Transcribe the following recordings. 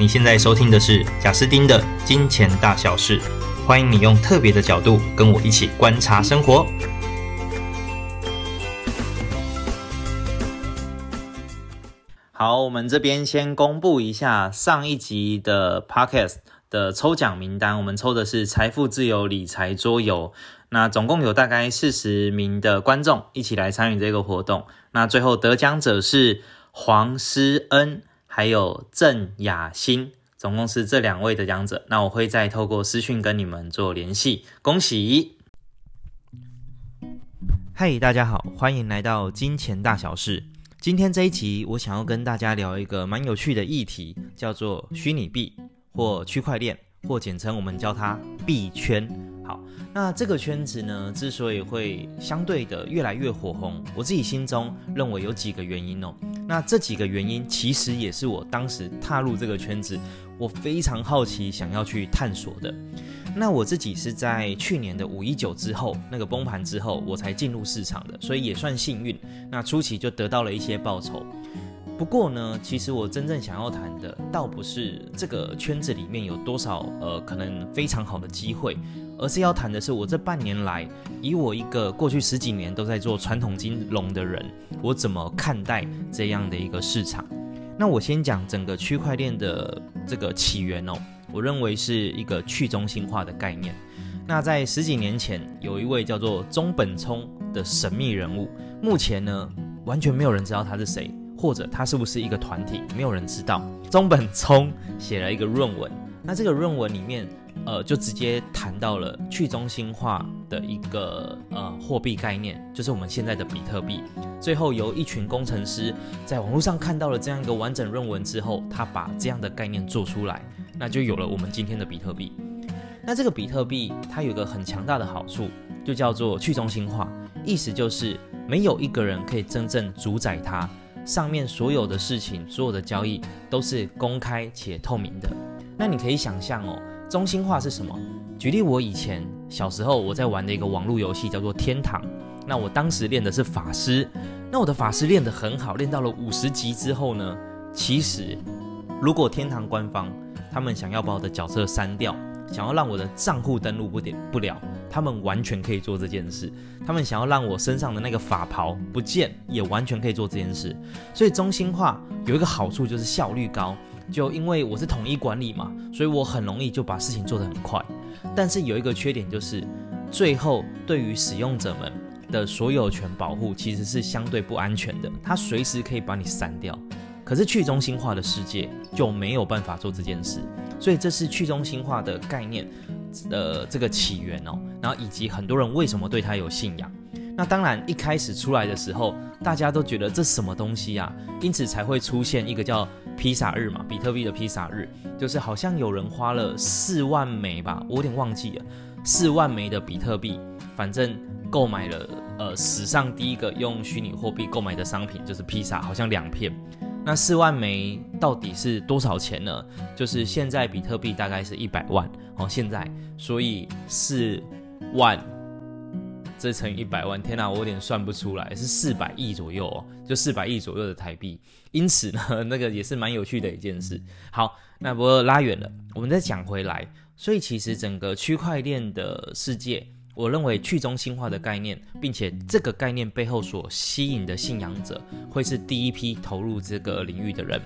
你現在收聽的是賈斯汀的《金錢大小事》，歡迎你用特別的角度跟我一起觀察生活。好，我們這邊先公布一下上一集的 podcast 的抽獎名單，我們抽的是財富自由理財桌遊，那總共有大概四十名的觀眾一起來參與這個活動，那最後得獎者是黃思恩。還有鄭雅欣，總共是這兩位的講者。那我會再透過私訊跟你們做聯繫。恭喜！嗨，hey, 大家好，歡迎來到金錢大小事。今天這一集，我想要跟大家聊一個蠻有趣的議題，叫做虛擬幣或區塊鏈，或簡稱我們叫它幣圈。好，那這個圈子呢，之所以會相對的越來越火紅，我自己心中認為有幾個原因哦。那這幾個原因，其實也是我當時踏入這個圈子，我非常好奇想要去探索的。那我自己是在去年的五一九之後那個崩盤之後，我才進入市場的，所以也算幸運。那初期就得到了一些報酬。不過呢，其實我真正想要談的，倒不是這個圈子裡面有多少，呃，可能非常好的機會。而是要談的是，我這半年來，以我一個過去十幾年都在做傳統金融的人，我怎麼看待這樣的一個市場？那我先講整個區塊鏈的這個起源哦。我認為是一個去中心化的概念。那在十幾年前，有一位叫做中本聰的神秘人物，目前呢，完全沒有人知道他是誰，或者他是不是一個團體，沒有人知道。中本聰寫了一個論文。那這個論文裡面，呃，就直接談到了去中心化的一個呃貨幣概念，就是我們現在的比特幣。最後由一群工程師在網絡上看到了這樣一個完整論文之後，他把這樣的概念做出來，那就有了我們今天的比特幣。那這個比特幣它有一個很強大的好處，就叫做去中心化，意思就是沒有一個人可以真正主宰它，上面所有的事情、所有的交易都是公開且透明的。那你可以想象哦，中心化是什麼？舉例，我以前小時候我在玩的一個網絡遊戲叫做《天堂》，那我當時練的是法師，那我的法師練得很好，練到了五十級之後呢，其實如果《天堂》官方他們想要把我的角色刪掉，想要讓我的賬戶登錄不點不了，他們完全可以做這件事。他們想要讓我身上的那個法袍不見，也完全可以做這件事。所以中心化有一個好處就是效率高。就因為我是統一管理嘛，所以我很容易就把事情做得很快。但是有一個缺點就是，最後對於使用者們的所有權保護其實是相對不安全的，它隨時可以把你刪掉。可是去中心化的世界就沒有辦法做這件事，所以這是去中心化的概念的、呃、這個起源哦。然後以及很多人為什麼對他有信仰。那當然，一開始出來的時候，大家都覺得這什麼東西啊？因此才會出現一個叫“披薩日”嘛，比特幣的披薩日，就是好像有人花了四萬枚吧，我有點忘記了，四萬枚的比特幣，反正購買了呃史上第一個用虛擬貨幣購買的商品就是披薩，好像兩片。那四萬枚到底是多少錢呢？就是現在比特幣大概是一百萬，哦，現在，所以四萬。這乘以一百萬，天哪，我有點算不出來，是四百億左右哦，就四百億左右的台幣。因此呢，那個也是蠻有趣的一件事。好，那不拉遠了，我們再講回來。所以其實整個區塊鏈的世界，我認為去中心化的概念，並且這個概念背後所吸引的信仰者，會是第一批投入這個領域的人。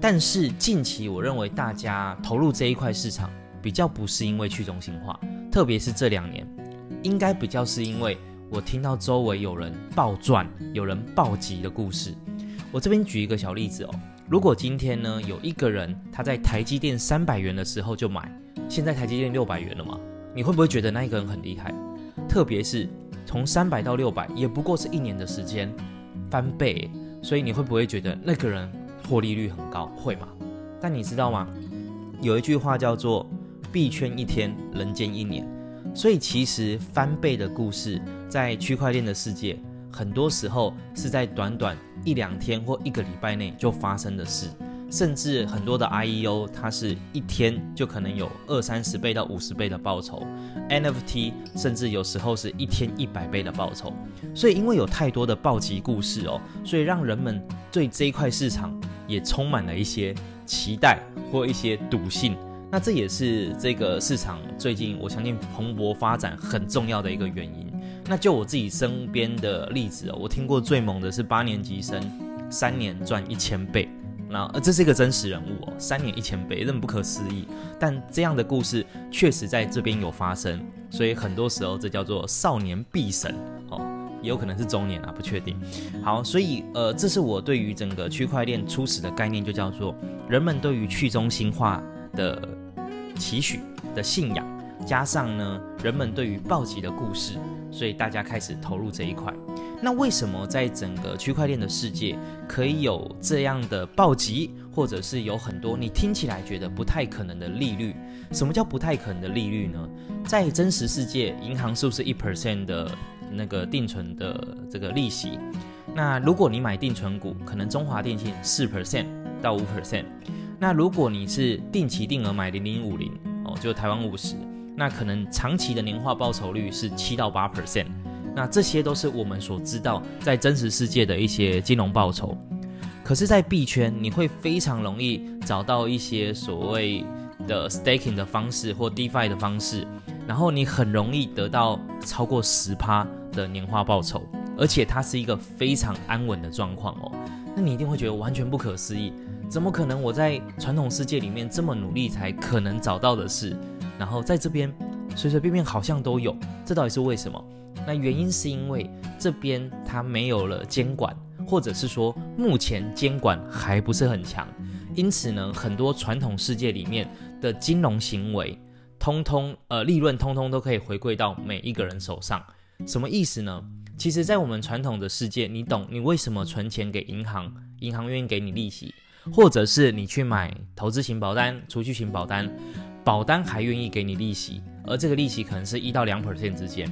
但是近期，我認為大家投入這一塊市場，比較不是因為去中心化，特別是這兩年。應該比較是因為我聽到周圍有人暴賺、有人暴擊的故事。我這邊舉一個小例子哦，如果今天呢有一個人他在台積電三百元的時候就買，現在台積電六百元了嗎？你會不會覺得那一個人很厲害？特別是從三百到六百也不過是一年的時間翻倍，所以你會不會覺得那個人獲利率很高？會嗎？但你知道嗎？有一句話叫做“幣圈一天，人間一年”。所以，其實翻倍的故事，在區塊鏈的世界，很多時候是在短短一兩天或一個禮拜內就發生的事。甚至很多的 IEO，它是一天就可能有二三十倍到五十倍的報酬，NFT 甚至有時候是一天一百倍的報酬。所以，因為有太多的暴擊故事哦，所以讓人們對這一塊市場也充滿了一些期待或一些賭性。那這也是這個市場最近我相信蓬勃發展很重要的一個原因。那就我自己身邊的例子哦，我聽過最猛的是八年級生三年賺一千倍，那這是一個真實人物哦，三年一千倍，任不可思議。但這樣的故事確實在這邊有發生，所以很多時候這叫做少年幣神哦，也有可能是中年啊，不確定。好，所以呃這是我對於整個區塊鏈初始的概念，就叫做人們對於去中心化的期許、的信仰，加上呢，人們對於暴擊的故事，所以大家開始投入這一塊。那為什麼在整個區塊鏈的世界可以有這樣的暴擊，或者是有很多你聽起來覺得不太可能的利率？什麼叫不太可能的利率呢？在真實世界，銀行是不是一 percent 的那個定存的這個利息？那如果你買定存股，可能中華電信四 percent 到五 percent。那如果你是定期定額買零零五零哦，就台灣五十，那可能長期的年化報酬率是七到八 percent。那這些都是我們所知道在真實世界的一些金融報酬。可是，在幣圈，你會非常容易找到一些所謂的 staking 的方式或 DeFi 的方式，然後你很容易得到超過十趴的年化報酬，而且它是一個非常安穩的狀況哦。那你一定會覺得完全不可思議。怎麼可能？我在傳統世界裡面這麼努力才可能找到的事，然後在這邊隨隨便便好像都有，這到底是為什麼？那原因是因為這邊它沒有了監管，或者是說目前監管還不是很強，因此呢，很多傳統世界裡面的金融行為，通通呃利潤通通都可以回歸到每一個人手上。什麼意思呢？其實，在我們傳統的世界，你懂你為什麼存錢給銀行，銀行願意給你利息？或者是你去買投資型保單、儲蓄型保單，保單還願意給你利息，而這個利息可能是一到兩 percent 之間。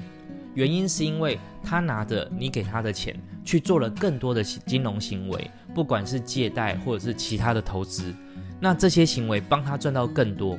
原因是因為他拿着你給他的錢去做了更多的金融行為，不管是借貸或者是其他的投資，那這些行為幫他賺到更多，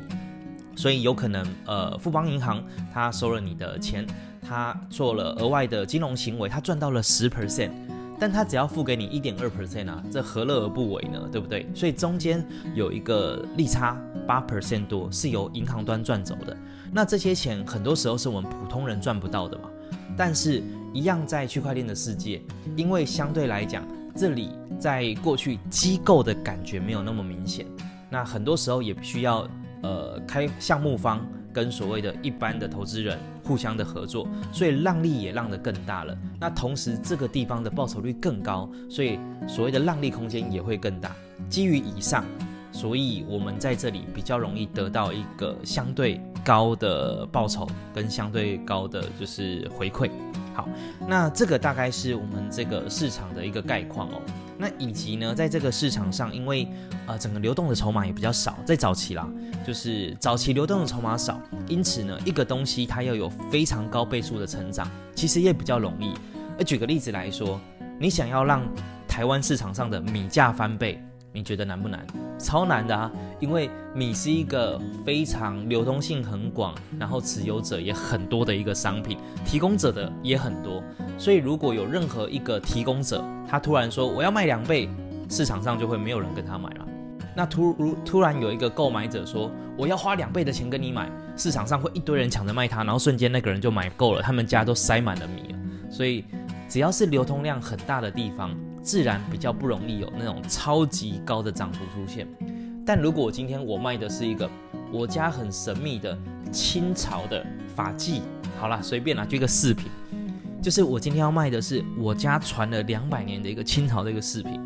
所以有可能呃，富邦銀行他收了你的錢，他做了額外的金融行為，他賺到了十 percent。但他只要付給你一點二 percent 啊，這何樂而不為呢？對不對？所以中間有一個利差八 percent 多是由銀行端賺走的。那這些錢很多時候是我們普通人賺不到的嘛。但是，一樣在區塊鏈的世界，因為相對來講，這裡在過去機構的感覺沒有那麼明顯。那很多時候也不需要呃開項目方。跟所謂的一般的投資人互相的合作，所以讓利也讓得更大了。那同時這個地方的報酬率更高，所以所謂的讓利空間也會更大。基於以上，所以我們在這裡比較容易得到一個相對高的報酬跟相對高的就是回饋。好，那這個大概是我們這個市場的一個概況哦。那以及呢，在這個市場上，因為呃，整個流動的籌碼也比較少，在早期啦，就是早期流動的籌碼少，因此呢，一個東西它要有非常高倍數的成長，其實也比較容易。而，舉個例子來說，你想要讓台灣市場上的米價翻倍，你覺得難不難？超難的啊，因為米是一個非常流通性、很廣，然後持有者也很多的一個商品，提供者的也很多，所以如果有任何一個提供者他突然說我要賣兩倍，市場上就會沒有人跟他買了。那突如突然有一個購買者說我要花兩倍的錢跟你買，市場上會一堆人搶着賣他，然後瞬間那個人就買夠了，他們家都塞滿了米了。所以只要是流通量很大的地方。自然比較不容易有那種超級高的漲幅出現，但如果今天我賣的是一個我家很神秘的清朝的髮髻，好啦，隨便啦，就一個飾品，就是我今天要賣的是我家傳了兩百年的一個清朝的一個飾品，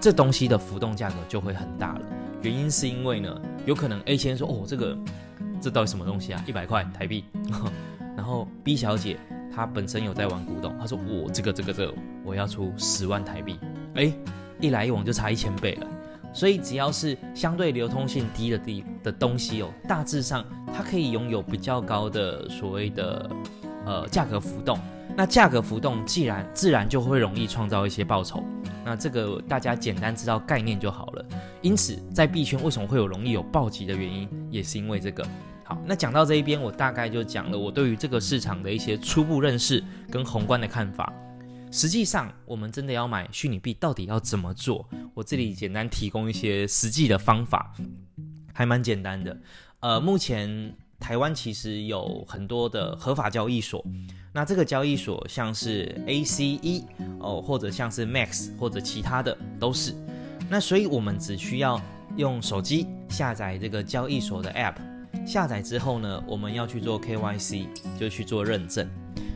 這東西的浮動價格就會很大了。原因是因為呢，有可能 A 先生說哦，這個這到底什麼東西啊？一百塊台幣， 然後 B 小姐。他本身有在玩古董，他說我這個這個這個，我要出十萬台幣，哎，一來一往就差一千倍了。所以只要是相對流通性低的的的東西，哦，大致上它可以擁有比較高的所謂的呃價格浮動。那價格浮動既然自然就會容易創造一些報酬，那這個大家簡單知道概念就好了。因此在幣圈為什麼會有容易有暴擊的原因，也是因為這個。好，那講到這一邊，我大概就講了我對於這個市場的一些初步認識跟宏觀的看法。實際上，我們真的要買虛擬幣，到底要怎麼做？我這裡簡單提供一些實際的方法，還蠻簡單的。呃，目前台灣其實有很多的合法交易所，那這個交易所像是 ACE 哦，或者像是 MAX 或者其他的都是。那所以我們只需要用手機下載這個交易所的 APP。下載之後呢，我們要去做 KYC，就去做認證。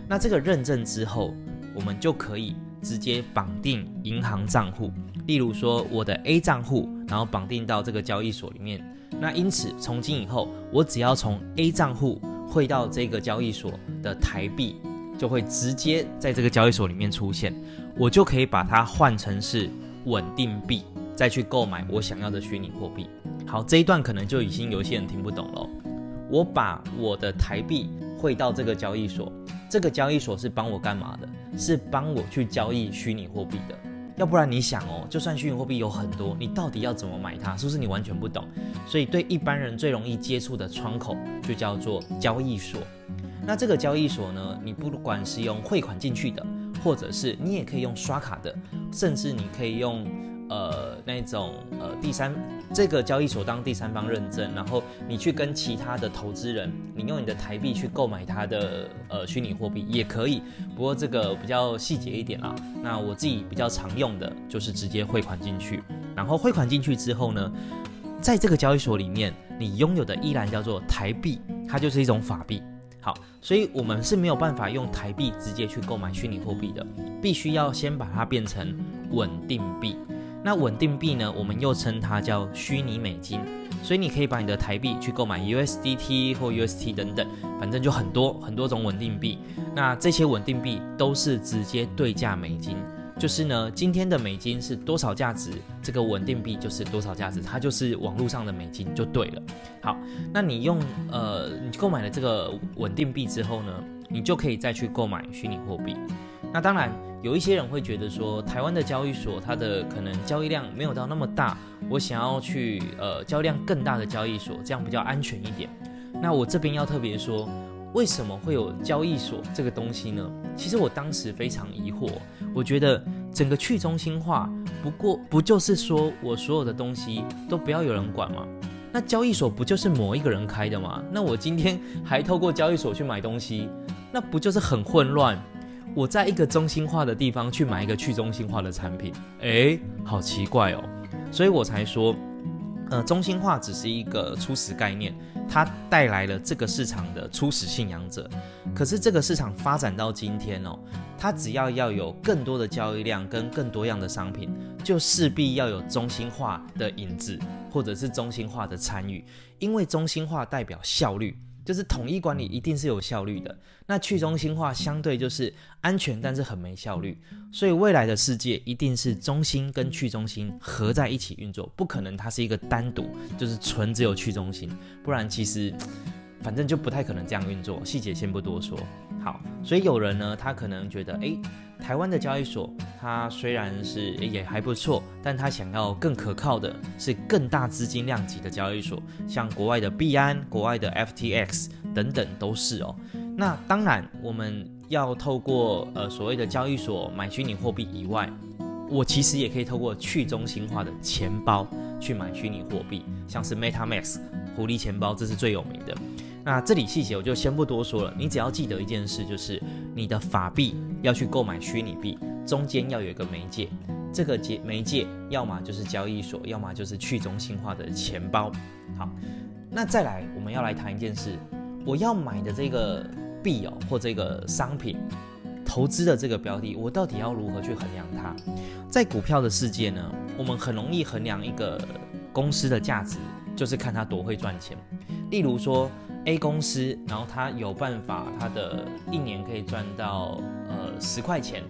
那這個認證之後，我們就可以直接綁定銀行賬戶，例如說我的 A 賬戶，然後綁定到這個交易所裡面。那因此，從今以後，我只要從 A 賬戶匯到這個交易所的台幣，就會直接在這個交易所裡面出現，我就可以把它換成是穩定幣。再去購買我想要的虛擬貨幣。好，這一段可能就已經有些人聽不懂了哦。我把我的台幣匯到這個交易所，這個交易所是幫我幹嘛的？是幫我去交易虛擬貨幣的。要不然你想哦，就算虛擬貨幣有很多，你到底要怎麼買它？是不是你完全不懂？所以對一般人最容易接觸的窗口就叫做交易所。那這個交易所呢，你不管是用匯款進去的，或者是你也可以用刷卡的，甚至你可以用。呃，那種呃，第三這個交易所當第三方認證，然後你去跟其他的投資人，你用你的台幣去購買它的呃虛擬貨幣也可以，不過這個比較細節一點啊，那我自己比較常用的就是直接匯款進去，然後匯款進去之後呢，在這個交易所裡面，你擁有的依然叫做台幣，它就是一種法幣。好，所以我們是沒有辦法用台幣直接去購買虛擬貨幣的，必須要先把它變成穩定幣。那穩定幣呢，我們又稱它叫虛擬美金，所以你可以把你的台幣去購買 USDT 或 UST 等等，反正就很多很多種穩定幣。那這些穩定幣都是直接對價美金，就是呢，今天的美金是多少價值，這個穩定幣就是多少價值，它就是網絡上的美金就對了。好，那你用呃，你購買了這個穩定幣之後呢，你就可以再去購買虛擬貨幣。那當然。有一些人會覺得說，台灣的交易所它的可能交易量沒有到那麼大，我想要去呃交易量更大的交易所，這樣比較安全一點。那我這邊要特別說，為什麼會有交易所這個東西呢？其實我當時非常疑惑，我覺得整個去中心化，不過不就是說我所有的東西都不要有人管嗎？那交易所不就是某一個人開的嗎？那我今天還透過交易所去買東西，那不就是很混亂？我在一個中心化的地方去買一個去中心化的產品，誒，好奇怪哦，所以我才說，呃，中心化只是一個初始概念，它帶來了這個市場的初始信仰者。可是這個市場發展到今天哦，它只要要有更多的交易量跟更多樣的商品，就勢必要有中心化的影子或者是中心化的參與，因為中心化代表效率。就是統一管理一定是有效率的，那去中心化相對就是安全，但是很沒效率。所以未來的世界一定是中心跟去中心合在一起運作，不可能它是一個單獨，就是純只有去中心，不然其實反正就不太可能這樣運作。細節先不多說，好，所以有人呢，他可能覺得，哎、欸。台灣的交易所，它雖然是也還不錯，但它想要更可靠的是更大資金量級的交易所，像國外的幣安、國外的 FTX 等等都是哦。那當然，我們要透過呃所謂的交易所買虛擬貨幣以外，我其實也可以透過去中心化的錢包去買虛擬貨幣，像是 MetaMask、狐狸錢包，這是最有名的。那這裡細節我就先不多說了，你只要記得一件事，就是你的法幣要去購買虛擬幣，中間要有一個媒介，這個媒介要麼就是交易所，要麼就是去中心化的錢包。好，那再來，我們要來談一件事，我要買的這個幣哦，或這個商品，投資的這個標的，我到底要如何去衡量它？在股票的世界呢，我們很容易衡量一個公司的價值，就是看它多會賺錢，例如說。A 公司，然後他有辦法，他的一年可以賺到呃十塊錢，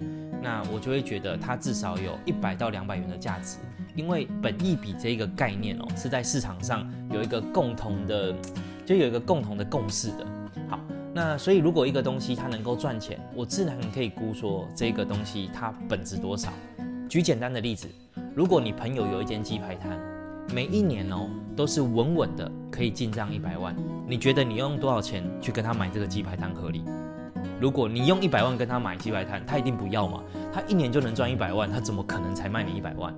那我就會覺得他至少有一百到兩百元的價值，因為本益比這個概念哦，是在市場上有一個共同的，就有一個共同的共識的。好，那所以如果一個東西它能夠賺錢，我自然可以估說這個東西它本值多少。舉簡單的例子，如果你朋友有一間雞排攤。每一年哦，都是穩穩的可以進賬一百萬。你覺得你用多少錢去跟他買這個雞排攤合理？如果你用一百萬跟他買雞排攤，他一定不要嘛。他一年就能賺一百萬，他怎麼可能才賣你一百萬？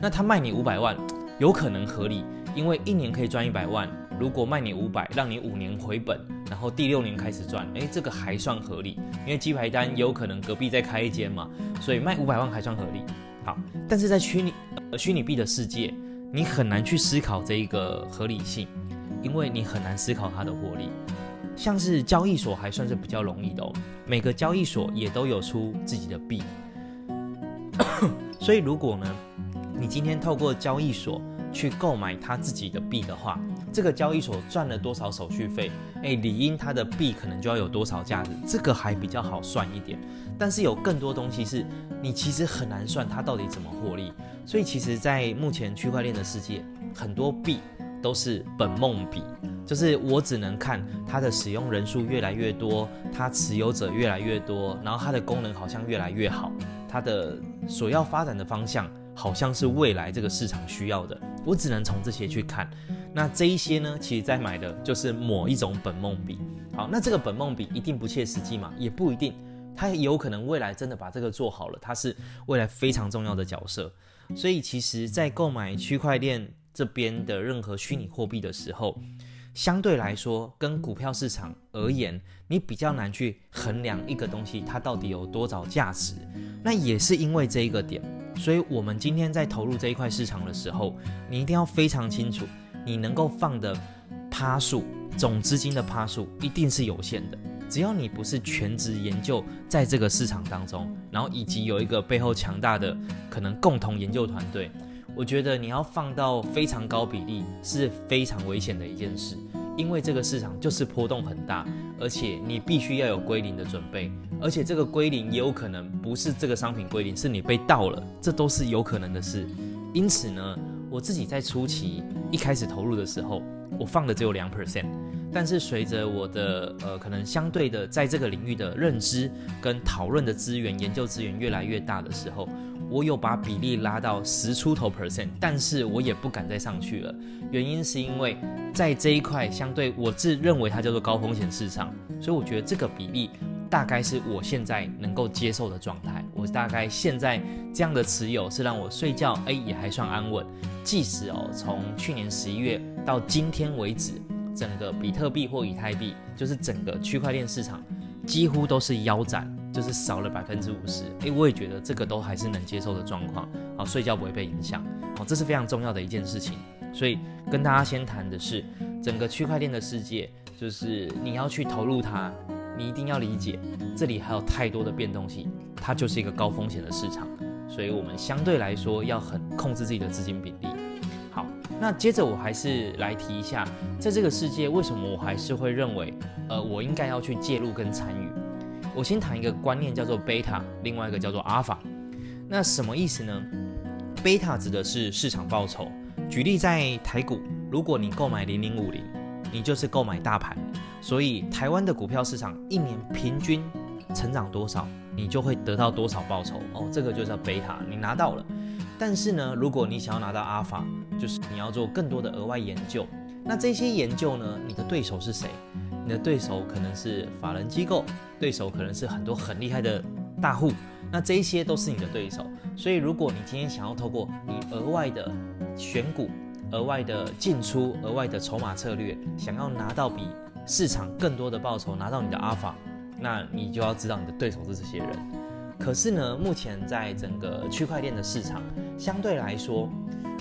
那他賣你五百萬，有可能合理？因為一年可以賺一百萬，如果賣你五百，讓你五年回本，然後第六年開始賺，哎、欸，這個還算合理。因為雞排攤有可能隔壁再開一間嘛，所以賣五百萬還算合理。好，但是在虛擬呃虛擬幣的世界。你很難去思考這一個合理性，因為你很難思考它的獲利。像是交易所還算是比較容易的哦，每個交易所也都有出自己的幣。 所以如果呢，你今天透過交易所去購買他自己的幣的話，這個交易所賺了多少手續費？哎，理應它的幣可能就要有多少價值，這個還比較好算一點。但是有更多東西是你其實很難算它到底怎麼獲利。所以其實，在目前區塊鏈的世界，很多幣都是本夢幣，就是我只能看它的使用人數越來越多，它持有者越來越多，然後它的功能好像越來越好，它的所要發展的方向。好像是未來這個市場需要的，我只能從這些去看。那這一些呢，其實在買的就是某一種本夢幣。好，那這個本夢幣一定不切實際嘛？也不一定，它有可能未來真的把這個做好了，它是未來非常重要的角色。所以，其實在購買區塊鏈這邊的任何虛擬貨幣的時候，相對來說跟股票市場而言，你比較難去衡量一個東西它到底有多少價值。那也是因為這一個點。所以，我們今天在投入這一塊市場的時候，你一定要非常清楚，你能夠放的趴數，總資金的趴數一定是有限的。只要你不是全職研究在這個市場當中，然後以及有一個背後強大的可能共同研究團隊，我覺得你要放到非常高比例是非常危險的一件事，因為這個市場就是波動很大，而且你必須要有歸零的準備。而且這個歸零也有可能不是這個商品歸零，是你被盜了，這都是有可能的事。因此呢，我自己在初期一開始投入的時候，我放的只有兩 percent，但是隨着我的呃可能相對的在這個領域的認知跟討論的資源、研究資源越來越大的時候，我有把比例拉到十出頭 percent，但是我也不敢再上去了，原因是因為在這一塊相對我自認為它叫做高風險市場，所以我覺得這個比例。大概是我現在能夠接受的狀態。我大概現在這樣的持有是讓我睡覺，誒、欸，也還算安穩。即使哦，從去年十一月到今天為止，整個比特幣或以太幣，就是整個區塊鏈市場幾乎都是腰斬，就是少了百分之五十。誒、欸，我也覺得這個都還是能接受的狀況。好、哦，睡覺不會被影響。好、哦，這是非常重要的一件事情。所以跟大家先談的是，整個區塊鏈的世界，就是你要去投入它。你一定要理解，這裡還有太多的變動性，它就是一個高風險的市場，所以我們相對來說要很控制自己的資金比例。好，那接着我還是來提一下，在這個世界為什麼我還是會認為，呃，我應該要去介入跟參與。我先談一個觀念叫做貝塔，另外一個叫做阿爾法。那什麼意思呢？貝塔指的是市場報酬。舉例在台股，如果你購買零零五零。你就是購買大盤，所以台灣的股票市場一年平均成長多少，你就會得到多少報酬哦。這個就叫貝塔，你拿到了。但是呢，如果你想要拿到阿爾法，就是你要做更多的額外研究。那這些研究呢，你的對手是誰？你的對手可能是法人機構，對手可能是很多很厲害的大戶，那這一些都是你的對手。所以，如果你今天想要透過你額外的選股，額外的進出、額外的籌碼策略，想要拿到比市場更多的報酬，拿到你的阿爾法，那你就要知道你的對手是這些人。可是呢，目前在整個區塊鏈的市場，相對來說，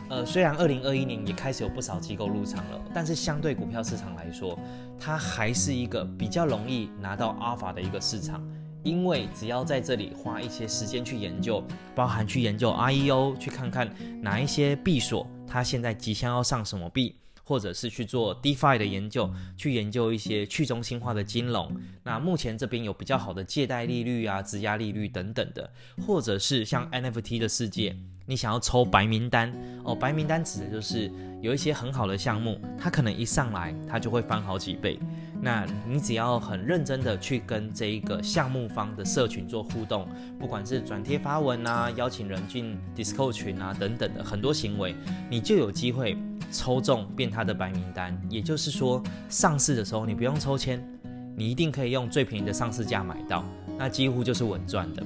呃，雖然2021年也開始有不少機構入場了，但是相對股票市場來說，它還是一個比較容易拿到阿爾法的一個市場。因為只要在這裡花一些時間去研究，包含去研究 IEO，去看看哪一些幣所，它現在即將要上什麼幣，或者是去做 DeFi 的研究，去研究一些去中心化的金融。那目前這邊有比較好的借貸利率啊、質押利率等等的，或者是像 NFT 的世界。你想要抽白名單哦？白名單指的就是有一些很好的項目，它可能一上來它就會翻好幾倍。那你只要很認真的去跟這一個項目方的社群做互動，不管是轉貼發文啊、邀請人進 Discord 群啊等等的很多行為，你就有機會抽中變他的白名單。也就是說，上市的時候你不用抽籤，你一定可以用最便宜的上市價買到，那幾乎就是穩賺的。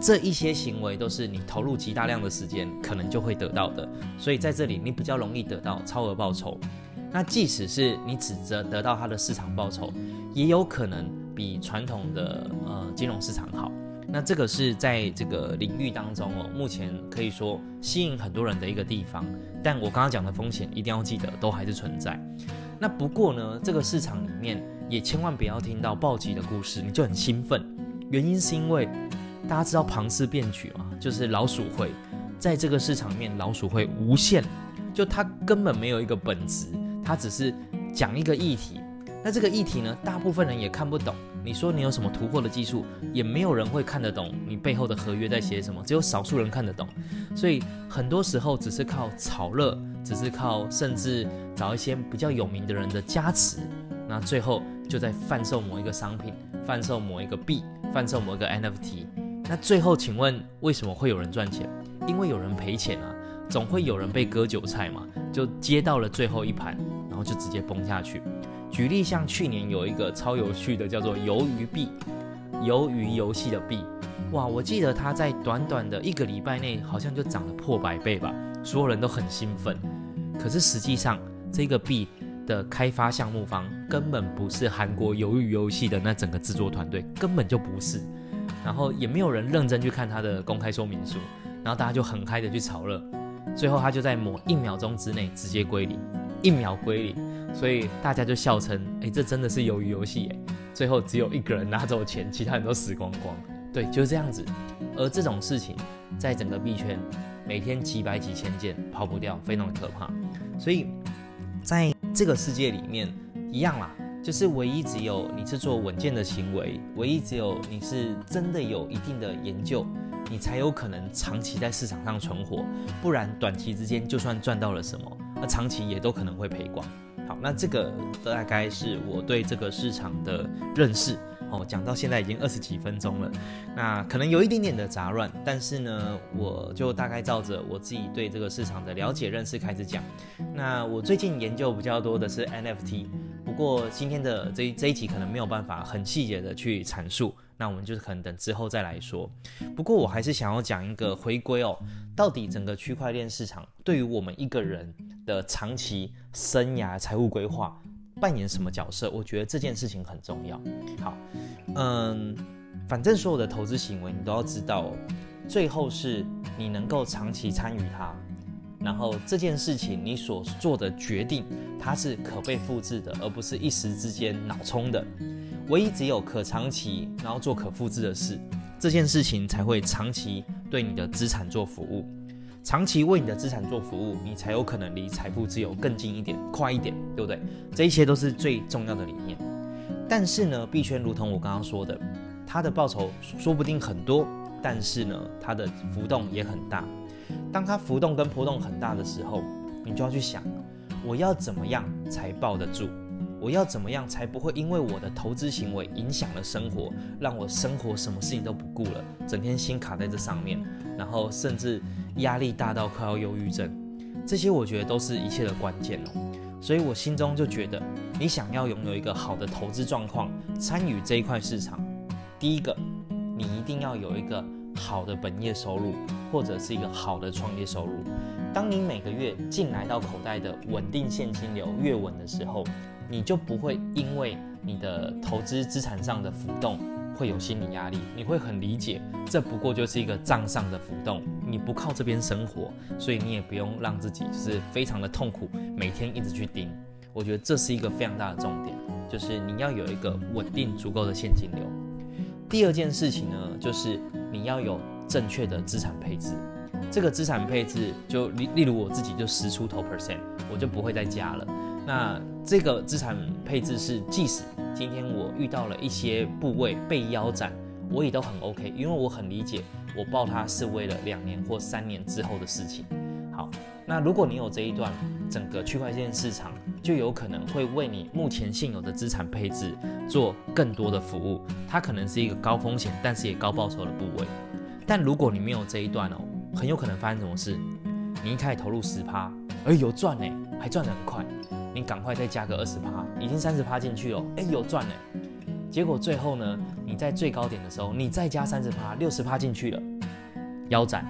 這一些行為都是你投入極大量的時間，可能就會得到的。所以在這裡，你比較容易得到超額報酬。那即使是你只得到它的市場報酬，也有可能比傳統的呃金融市場好。那這個是在這個領域當中哦，目前可以說吸引很多人的一個地方。但我剛剛講的風險一定要記得，都還是存在。那不過呢，這個市場裡面也千萬不要聽到暴擊的故事，你就很興奮。原因是因為。大家知道龐氏騙局嗎？就是老鼠會，在這個市場裡面，老鼠會無限，就它根本沒有一個本質，它只是講一個議題。那這個議題呢，大部分人也看不懂。你說你有什麼突破的技術，也沒有人會看得懂你背後的合約在寫什麼，只有少數人看得懂。所以很多時候只是靠炒熱，只是靠甚至找一些比較有名的人的加持，那最後就在販售某一個商品，販售某一個幣，販售某一個 NFT。那最後，請問為什麼會有人賺錢？因為有人賠錢啊，總會有人被割韭菜嘛，就接到了最後一盤，然後就直接崩下去。舉例像去年有一個超有趣的，叫做魷魚幣，魷魚遊戲的幣，哇，我記得它在短短的一個禮拜內，好像就漲了破百倍吧，所有人都很興奮。可是實際上，這個幣的開發項目方根本不是韓國魷魚遊戲的那整個製作團隊，根本就不是。然後也沒有人認真去看他的公開說明書，然後大家就很嗨的去炒熱，最後他就在某一秒鐘之內直接歸零，一秒歸零，所以大家就笑稱，哎、欸，這真的是魷魚遊戲耶，最後只有一個人拿走錢，其他人都死光光，對，就是這樣子。而這種事情在整個幣圈，每天幾百幾千件，跑不掉，非常的可怕。所以在這個世界裡面，一樣啦。就是唯一只有你是做穩健的行為，唯一只有你是真的有一定的研究，你才有可能長期在市場上存活，不然短期之間就算賺到了什麼，那長期也都可能會賠光。好，那這個大概是我對這個市場的認識。哦，講到現在已經二十幾分鐘了，那可能有一點點的雜亂，但是呢，我就大概照着我自己對這個市場的了解認識開始講。那我最近研究比較多的是 NFT。不過今天的這這一集可能沒有辦法很細節的去闡述，那我們就是可能等之後再來說。不過我還是想要講一個回歸哦，到底整個區塊鏈市場對於我們一個人的長期生涯財務規劃扮演什麼角色？我覺得這件事情很重要。好，嗯，反正所有的投資行為你都要知道哦，最後是你能夠長期參與它。然後這件事情你所做的決定，它是可被複製的，而不是一時之間腦衝的。唯一只有可長期，然後做可複製的事，這件事情才會長期對你的資產做服務，長期為你的資產做服務，你才有可能離財富自由更近一點，快一點，對不對？這一切都是最重要的理念。但是呢，幣圈如同我剛剛說的，它的報酬說不定很多，但是呢，它的浮動也很大。當它浮動跟波動很大的時候，你就要去想，我要怎麼樣才抱得住？我要怎麼樣才不會因為我的投資行為影響了生活，讓我生活什麼事情都不顧了，整天心卡在這上面，然後甚至壓力大到快要憂鬱症？這些我覺得都是一切的關鍵哦。所以我心中就覺得，你想要擁有一個好的投資狀況，參與這一塊市場，第一個，你一定要有一個。好的本業收入，或者是一個好的創業收入，當你每個月進來到口袋的穩定現金流越穩的時候，你就不會因為你的投資資產上的浮動會有心理壓力，你會很理解，這不過就是一個賬上的浮動，你不靠這邊生活，所以你也不用讓自己就是非常的痛苦，每天一直去盯，我覺得這是一個非常大的重點，就是你要有一個穩定足夠的現金流。第二件事情呢，就是你要有正確的資產配置。這個資產配置就例例如我自己就十出頭 percent，我就不會再加了。那這個資產配置是，即使今天我遇到了一些部位被腰斬，我也都很 OK，因為我很理解，我抱它是為了兩年或三年之後的事情。好，那如果你有這一段。整個區塊鏈市場就有可能會為你目前現有的資產配置做更多的服務，它可能是一個高風險但是也高報酬的部位。但如果你沒有這一段哦，很有可能發生什麼事。你一開始投入十趴，哎、欸，有賺哎，還賺得很快，你趕快再加個二十趴，已經三十趴進去了，哎，有賺哎。結果最後呢，你在最高點的時候，你再加三十趴、六十趴進去了，腰斬，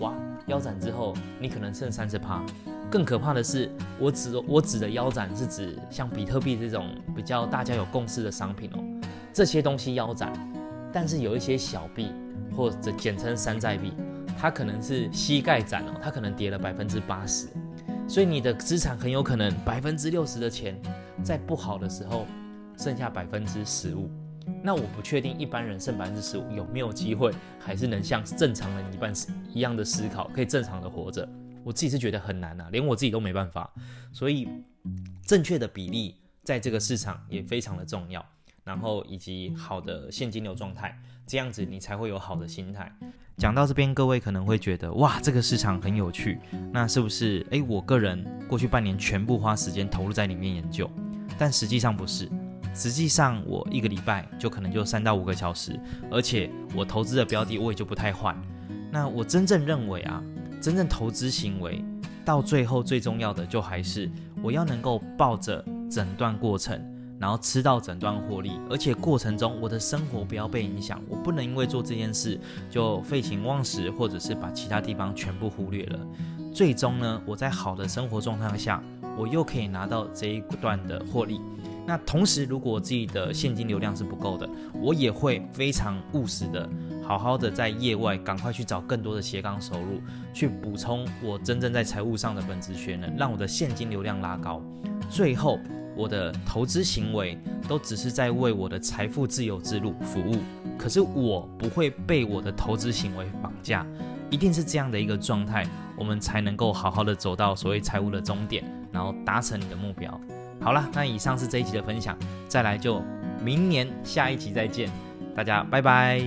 哇，腰斬之後，你可能剩三十趴。更可怕的是，我指我指的腰斬是指像比特幣這種比較大家有共識的商品哦，這些東西腰斬，但是有一些小幣或者簡稱山寨幣，它可能是膝蓋斬哦，它可能跌了百分之八十，所以你的資產很有可能百分之六十的錢在不好的時候剩下百分之十五，那我不確定一般人剩百分之十五有沒有機會，還是能像正常人一般一樣的思考，可以正常的活着。我自己是覺得很難啊，連我自己都沒辦法，所以正確的比例在這個市場也非常的重要，然後以及好的現金流狀態，這樣子你才會有好的心態。講到這邊，各位可能會覺得哇，這個市場很有趣，那是不是？誒，我個人過去半年全部花時間投入在裡面研究，但實際上不是，實際上我一個禮拜就可能就三到五個小時，而且我投資的標的我也就不太換。那我真正認為啊。真正投資行為，到最後最重要的就還是我要能夠抱着整段過程，然後吃到整段獲利，而且過程中我的生活不要被影響，我不能因為做這件事就廢寢忘食，或者是把其他地方全部忽略了。最終呢，我在好的生活狀態下，我又可以拿到這一段的獲利。那同時，如果我自己的現金流量是不夠的，我也會非常務實的。好好的在業外，趕快去找更多的斜槓收入，去補充我真正在財務上的本職學能，讓我的現金流量拉高。最後，我的投資行為都只是在為我的財富自由之路服務。可是我不會被我的投資行為綁架，一定是這樣的一個狀態，我們才能夠好好的走到所謂財務的終點，然後達成你的目標。好了，那以上是這一集的分享，再來就明年下一集再見，大家拜拜。